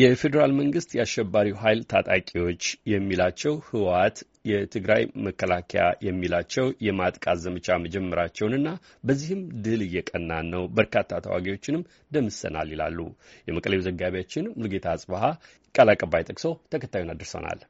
የፌዴራል መንግስት የአሸባሪው ኃይል ታጣቂዎች የሚላቸው ህወሓት የትግራይ መከላከያ የሚላቸው የማጥቃት ዘመቻ መጀመራቸውንና በዚህም ድል እየቀናን ነው፣ በርካታ ተዋጊዎችንም ደምሰናል ይላሉ። የመቀሌው ዘጋቢያችን ሙልጌታ አጽበሀ ቃል አቀባይ ጠቅሶ ተከታዩን አድርሰናል።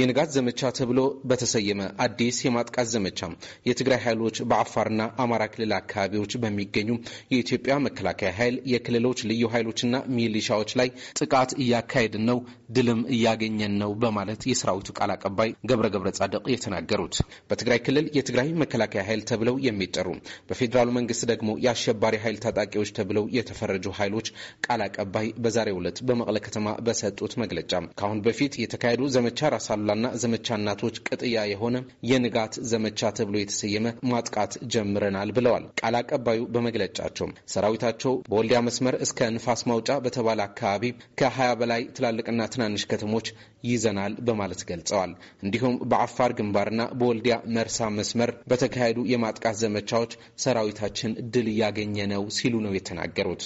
የንጋት ዘመቻ ተብሎ በተሰየመ አዲስ የማጥቃት ዘመቻ የትግራይ ኃይሎች በአፋርና አማራ ክልል አካባቢዎች በሚገኙ የኢትዮጵያ መከላከያ ኃይል የክልሎች ልዩ ኃይሎችና ሚሊሻዎች ላይ ጥቃት እያካሄድን ነው፣ ድልም እያገኘን ነው በማለት የሰራዊቱ ቃል አቀባይ ገብረ ገብረ ጻድቅ የተናገሩት በትግራይ ክልል የትግራይ መከላከያ ኃይል ተብለው የሚጠሩ በፌዴራሉ መንግስት ደግሞ የአሸባሪ ኃይል ታጣቂዎች ተብለው የተፈረጁ ኃይሎች ቃል አቀባይ በዛሬው ዕለት በመቀለ ከተማ በሰጡት መግለጫ ከአሁን በፊት የተካሄዱ ዘመቻ ራሳ የተጣላና ዘመቻ እናቶች ቅጥያ የሆነ የንጋት ዘመቻ ተብሎ የተሰየመ ማጥቃት ጀምረናል ብለዋል። ቃል አቀባዩ በመግለጫቸውም ሰራዊታቸው በወልዲያ መስመር እስከ ንፋስ ማውጫ በተባለ አካባቢ ከ20 በላይ ትላልቅና ትናንሽ ከተሞች ይዘናል በማለት ገልጸዋል። እንዲሁም በአፋር ግንባርና በወልዲያ መርሳ መስመር በተካሄዱ የማጥቃት ዘመቻዎች ሰራዊታችን ድል እያገኘ ነው ሲሉ ነው የተናገሩት።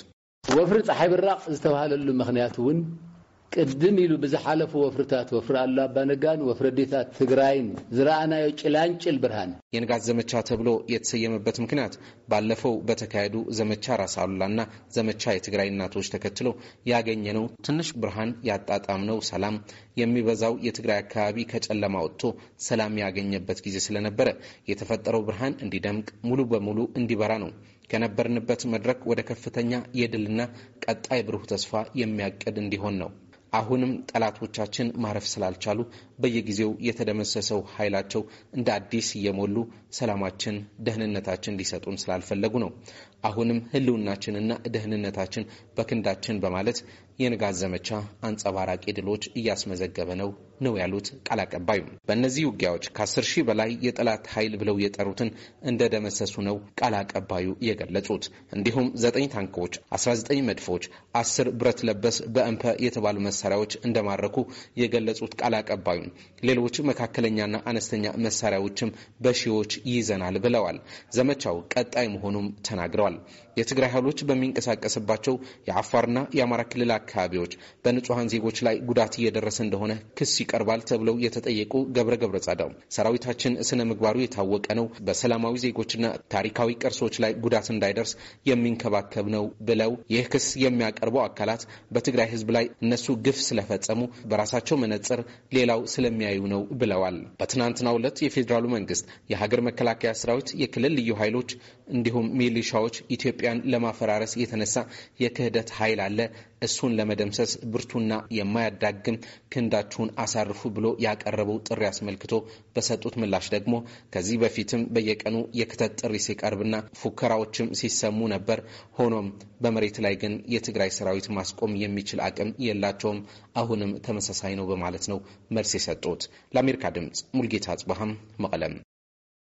ወፍሪ ፀሐይ ብራቅ ዝተባሃለሉ ምክንያት እውን ቅድም ኢሉ ብዝሓለፉ ወፍርታት ወፍሪ ኣሎ ኣባነጋን ወፍሪ ኣዴታት ትግራይን ዝረኣናዮ ጭላንጭል ብርሃን የንጋት ዘመቻ ተብሎ የተሰየመበት ምክንያት ባለፈው በተካሄዱ ዘመቻ ራስ አሉላና ዘመቻ የትግራይ እናቶች ተከትሎ ያገኘነው ትንሽ ብርሃን ያጣጣምነው ሰላም የሚበዛው የትግራይ አካባቢ ከጨለማ ወጥቶ ሰላም ያገኘበት ጊዜ ስለነበረ የተፈጠረው ብርሃን እንዲደምቅ ሙሉ በሙሉ እንዲበራ ነው ከነበርንበት መድረክ ወደ ከፍተኛ የድልና ቀጣይ ብሩህ ተስፋ የሚያቅድ እንዲሆን ነው። አሁንም ጠላቶቻችን ማረፍ ስላልቻሉ በየጊዜው የተደመሰሰው ኃይላቸው እንደ አዲስ እየሞሉ ሰላማችን፣ ደህንነታችን ሊሰጡን ስላልፈለጉ ነው። አሁንም ህልውናችንና ደህንነታችን በክንዳችን በማለት የንጋት ዘመቻ አንጸባራቂ ድሎች እያስመዘገበ ነው ነው ያሉት ቃል አቀባዩ። በእነዚህ ውጊያዎች ከ10 ሺህ በላይ የጠላት ኃይል ብለው የጠሩትን እንደደመሰሱ ነው ቃል አቀባዩ የገለጹት። እንዲሁም 9 ታንኮች፣ 19 መድፎች፣ 10 ብረት ለበስ በእምፐ የተባሉ መሳሪያዎች እንደማረኩ የገለጹት ቃል አቀባዩ ሌሎች መካከለኛና አነስተኛ መሳሪያዎችም በሺዎች ይዘናል ብለዋል። ዘመቻው ቀጣይ መሆኑም ተናግረዋል። የትግራይ ኃይሎች በሚንቀሳቀስባቸው የአፋርና የአማራ ክልል አካባቢዎች በንጹሐን ዜጎች ላይ ጉዳት እየደረሰ እንደሆነ ክስ ይቀርባል ተብለው የተጠየቁ ገብረ ገብረ ጸዳው ሰራዊታችን ስነ ምግባሩ የታወቀ ነው፣ በሰላማዊ ዜጎችና ታሪካዊ ቅርሶች ላይ ጉዳት እንዳይደርስ የሚንከባከብ ነው ብለው ይህ ክስ የሚያቀርበው አካላት በትግራይ ህዝብ ላይ እነሱ ግፍ ስለፈጸሙ በራሳቸው መነጽር ሌላው ስለሚያዩ ነው ብለዋል። በትናንትናው ዕለት የፌዴራሉ መንግስት የሀገር መከላከያ ሰራዊት፣ የክልል ልዩ ኃይሎች እንዲሁም ሚሊሻዎች ኢትዮጵያን ለማፈራረስ የተነሳ የክህደት ኃይል አለ እሱን ለመደምሰስ ብርቱና የማያዳግም ክንዳችሁን አሳርፉ ብሎ ያቀረበው ጥሪ አስመልክቶ በሰጡት ምላሽ ደግሞ ከዚህ በፊትም በየቀኑ የክተት ጥሪ ሲቀርብና ፉከራዎችም ሲሰሙ ነበር። ሆኖም በመሬት ላይ ግን የትግራይ ሰራዊት ማስቆም የሚችል አቅም የላቸውም፣ አሁንም ተመሳሳይ ነው በማለት ነው መልስ የሰጡት። ለአሜሪካ ድምፅ ሙልጌታ አጽባሃም መቀለም